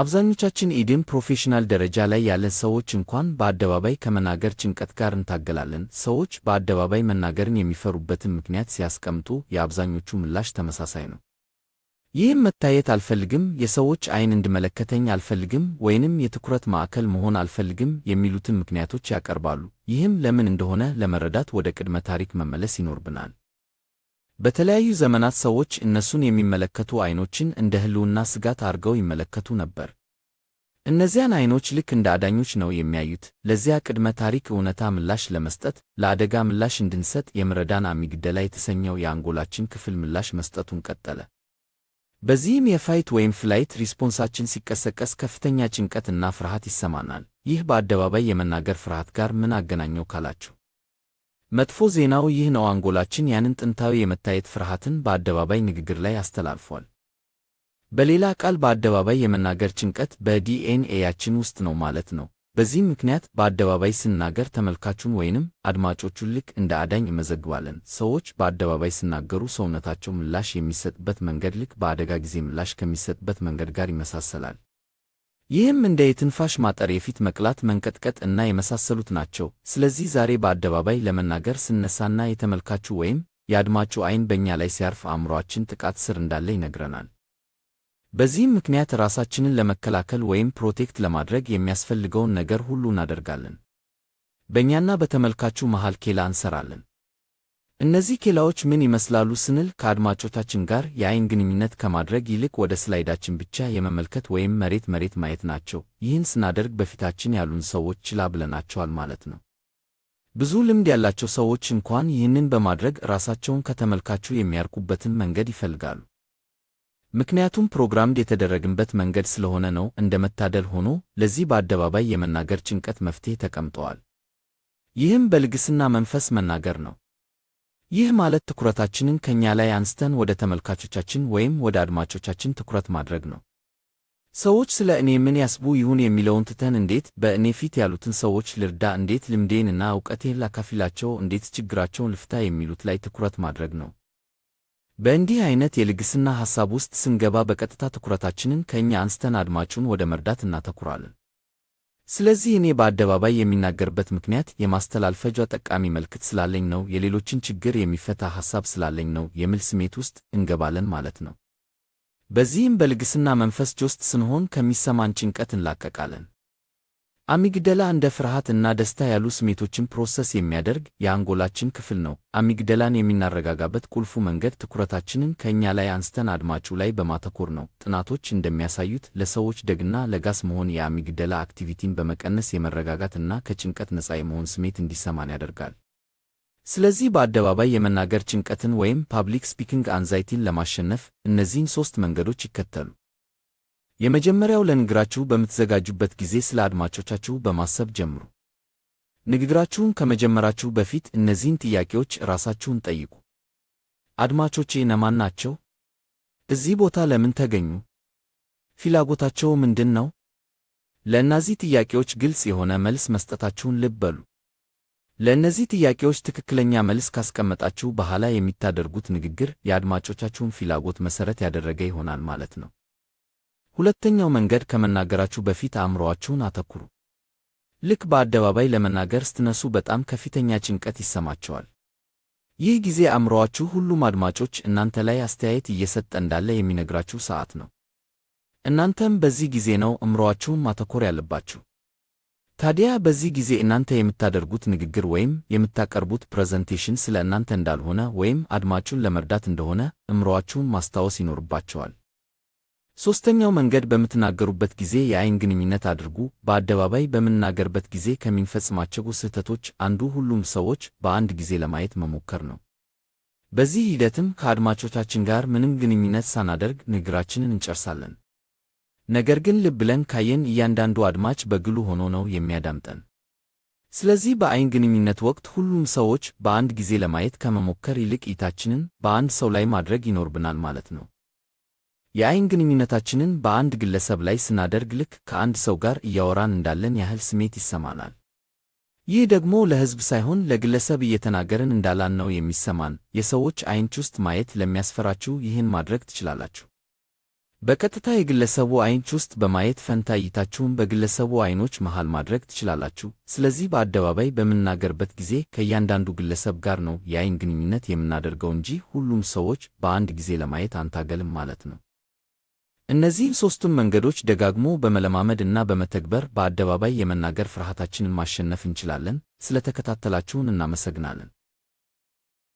አብዛኞቻችን ኢድም ፕሮፌሽናል ደረጃ ላይ ያለን ሰዎች እንኳን በአደባባይ ከመናገር ጭንቀት ጋር እንታገላለን። ሰዎች በአደባባይ መናገርን የሚፈሩበትን ምክንያት ሲያስቀምጡ የአብዛኞቹ ምላሽ ተመሳሳይ ነው። ይህም መታየት አልፈልግም፣ የሰዎች አይን እንድመለከተኝ አልፈልግም፣ ወይንም የትኩረት ማዕከል መሆን አልፈልግም የሚሉትን ምክንያቶች ያቀርባሉ። ይህም ለምን እንደሆነ ለመረዳት ወደ ቅድመ ታሪክ መመለስ ይኖርብናል። በተለያዩ ዘመናት ሰዎች እነሱን የሚመለከቱ አይኖችን እንደ ሕልውና ስጋት አድርገው ይመለከቱ ነበር። እነዚያን አይኖች ልክ እንደ አዳኞች ነው የሚያዩት። ለዚያ ቅድመ ታሪክ እውነታ ምላሽ ለመስጠት ለአደጋ ምላሽ እንድንሰጥ የምረዳን አሚግደላ የተሰኘው የአንጎላችን ክፍል ምላሽ መስጠቱን ቀጠለ። በዚህም የፋይት ወይም ፍላይት ሪስፖንሳችን ሲቀሰቀስ ከፍተኛ ጭንቀት እና ፍርሃት ይሰማናል። ይህ በአደባባይ የመናገር ፍርሃት ጋር ምን አገናኘው ካላችሁ መጥፎ ዜናው ይህ ነው። አንጎላችን ያንን ጥንታዊ የመታየት ፍርሃትን በአደባባይ ንግግር ላይ አስተላልፏል። በሌላ ቃል በአደባባይ የመናገር ጭንቀት በዲኤንኤያችን ውስጥ ነው ማለት ነው። በዚህም ምክንያት በአደባባይ ስናገር ተመልካቹን ወይንም አድማጮቹን ልክ እንደ አዳኝ እመዘግባለን። ሰዎች በአደባባይ ስናገሩ ሰውነታቸው ምላሽ የሚሰጥበት መንገድ ልክ በአደጋ ጊዜ ምላሽ ከሚሰጥበት መንገድ ጋር ይመሳሰላል። ይህም እንደ የትንፋሽ ማጠር፣ የፊት መቅላት፣ መንቀጥቀጥ እና የመሳሰሉት ናቸው። ስለዚህ ዛሬ በአደባባይ ለመናገር ስነሳና የተመልካቹ ወይም የአድማጩ አይን በእኛ ላይ ሲያርፍ አእምሮአችን ጥቃት ስር እንዳለ ይነግረናል። በዚህም ምክንያት ራሳችንን ለመከላከል ወይም ፕሮቴክት ለማድረግ የሚያስፈልገውን ነገር ሁሉ እናደርጋለን። በእኛና በተመልካቹ መሃል ኬላ እንሰራለን። እነዚህ ኬላዎች ምን ይመስላሉ ስንል ከአድማጮታችን ጋር የአይን ግንኙነት ከማድረግ ይልቅ ወደ ስላይዳችን ብቻ የመመልከት ወይም መሬት መሬት ማየት ናቸው። ይህን ስናደርግ በፊታችን ያሉን ሰዎች ችላ ብለናቸዋል ማለት ነው። ብዙ ልምድ ያላቸው ሰዎች እንኳን ይህንን በማድረግ ራሳቸውን ከተመልካቹ የሚያርቁበትን መንገድ ይፈልጋሉ። ምክንያቱም ፕሮግራምድ የተደረግንበት መንገድ ስለሆነ ነው። እንደ መታደል ሆኖ ለዚህ በአደባባይ የመናገር ጭንቀት መፍትሔ ተቀምጠዋል። ይህም በልግስና መንፈስ መናገር ነው። ይህ ማለት ትኩረታችንን ከእኛ ላይ አንስተን ወደ ተመልካቾቻችን ወይም ወደ አድማጮቻችን ትኩረት ማድረግ ነው። ሰዎች ስለ እኔ ምን ያስቡ ይሁን የሚለውን ትተን እንዴት በእኔ ፊት ያሉትን ሰዎች ልርዳ፣ እንዴት ልምዴንና እውቀቴን ላካፊላቸው፣ እንዴት ችግራቸውን ልፍታ የሚሉት ላይ ትኩረት ማድረግ ነው። በእንዲህ አይነት የልግስና ሐሳብ ውስጥ ስንገባ በቀጥታ ትኩረታችንን ከእኛ አንስተን አድማጩን ወደ መርዳት እናተኩራለን። ስለዚህ እኔ በአደባባይ የሚናገርበት ምክንያት የማስተላልፈጃ ጠቃሚ መልክት ስላለኝ ነው፣ የሌሎችን ችግር የሚፈታ ሐሳብ ስላለኝ ነው የሚል ስሜት ውስጥ እንገባለን ማለት ነው። በዚህም በልግስና መንፈስ ጆስት ስንሆን ከሚሰማን ጭንቀት እንላቀቃለን። አሚግደላ እንደ ፍርሃት እና ደስታ ያሉ ስሜቶችን ፕሮሰስ የሚያደርግ የአንጎላችን ክፍል ነው። አሚግደላን የምናረጋጋበት ቁልፉ መንገድ ትኩረታችንን ከእኛ ላይ አንስተን አድማጩ ላይ በማተኮር ነው። ጥናቶች እንደሚያሳዩት ለሰዎች ደግና ለጋስ መሆን የአሚግደላ አክቲቪቲን በመቀነስ የመረጋጋት እና ከጭንቀት ነፃ የመሆን ስሜት እንዲሰማን ያደርጋል። ስለዚህ በአደባባይ የመናገር ጭንቀትን ወይም ፓብሊክ ስፒኪንግ አንዛይቲን ለማሸነፍ እነዚህን ሦስት መንገዶች ይከተሉ። የመጀመሪያው ለንግግራችሁ በምትዘጋጁበት ጊዜ ስለ አድማጮቻችሁ በማሰብ ጀምሩ። ንግግራችሁን ከመጀመራችሁ በፊት እነዚህን ጥያቄዎች ራሳችሁን ጠይቁ። አድማጮቼ እነማን ናቸው? እዚህ ቦታ ለምን ተገኙ? ፍላጎታቸው ምንድን ነው? ለእነዚህ ጥያቄዎች ግልጽ የሆነ መልስ መስጠታችሁን ልብ በሉ። ለእነዚህ ጥያቄዎች ትክክለኛ መልስ ካስቀመጣችሁ በኋላ የሚታደርጉት ንግግር የአድማጮቻችሁን ፍላጎት መሠረት ያደረገ ይሆናል ማለት ነው። ሁለተኛው መንገድ ከመናገራችሁ በፊት አእምሮአችሁን አተኩሩ። ልክ በአደባባይ ለመናገር ስትነሱ በጣም ከፍተኛ ጭንቀት ይሰማቸዋል። ይህ ጊዜ አእምሮአችሁ ሁሉም አድማጮች እናንተ ላይ አስተያየት እየሰጠ እንዳለ የሚነግራችሁ ሰዓት ነው። እናንተም በዚህ ጊዜ ነው አእምሮአችሁን ማተኮር ያለባችሁ። ታዲያ በዚህ ጊዜ እናንተ የምታደርጉት ንግግር ወይም የምታቀርቡት ፕሬዘንቴሽን ስለ እናንተ እንዳልሆነ ወይም አድማጩን ለመርዳት እንደሆነ አእምሮአችሁን ማስታወስ ይኖርባቸዋል። ሦስተኛው መንገድ በምትናገሩበት ጊዜ የአይን ግንኙነት አድርጉ። በአደባባይ በምናገርበት ጊዜ ከሚንፈጽማቸው ስህተቶች አንዱ ሁሉም ሰዎች በአንድ ጊዜ ለማየት መሞከር ነው። በዚህ ሂደትም ከአድማጮቻችን ጋር ምንም ግንኙነት ሳናደርግ ንግግራችንን እንጨርሳለን። ነገር ግን ልብ ብለን ካየን እያንዳንዱ አድማጭ በግሉ ሆኖ ነው የሚያዳምጠን። ስለዚህ በአይን ግንኙነት ወቅት ሁሉም ሰዎች በአንድ ጊዜ ለማየት ከመሞከር ይልቅ እይታችንን በአንድ ሰው ላይ ማድረግ ይኖርብናል ማለት ነው። የአይን ግንኙነታችንን በአንድ ግለሰብ ላይ ስናደርግ ልክ ከአንድ ሰው ጋር እያወራን እንዳለን ያህል ስሜት ይሰማናል። ይህ ደግሞ ለሕዝብ ሳይሆን ለግለሰብ እየተናገርን እንዳላን ነው የሚሰማን። የሰዎች አይንች ውስጥ ማየት ለሚያስፈራችሁ ይህን ማድረግ ትችላላችሁ። በቀጥታ የግለሰቡ አይንች ውስጥ በማየት ፈንታ እይታችሁን በግለሰቡ አይኖች መሃል ማድረግ ትችላላችሁ። ስለዚህ በአደባባይ በምናገርበት ጊዜ ከእያንዳንዱ ግለሰብ ጋር ነው የአይን ግንኙነት የምናደርገው እንጂ ሁሉም ሰዎች በአንድ ጊዜ ለማየት አንታገልም ማለት ነው። እነዚህን ሦስቱም መንገዶች ደጋግሞ በመለማመድ እና በመተግበር በአደባባይ የመናገር ፍርሃታችንን ማሸነፍ እንችላለን። ስለተከታተላችሁን እናመሰግናለን።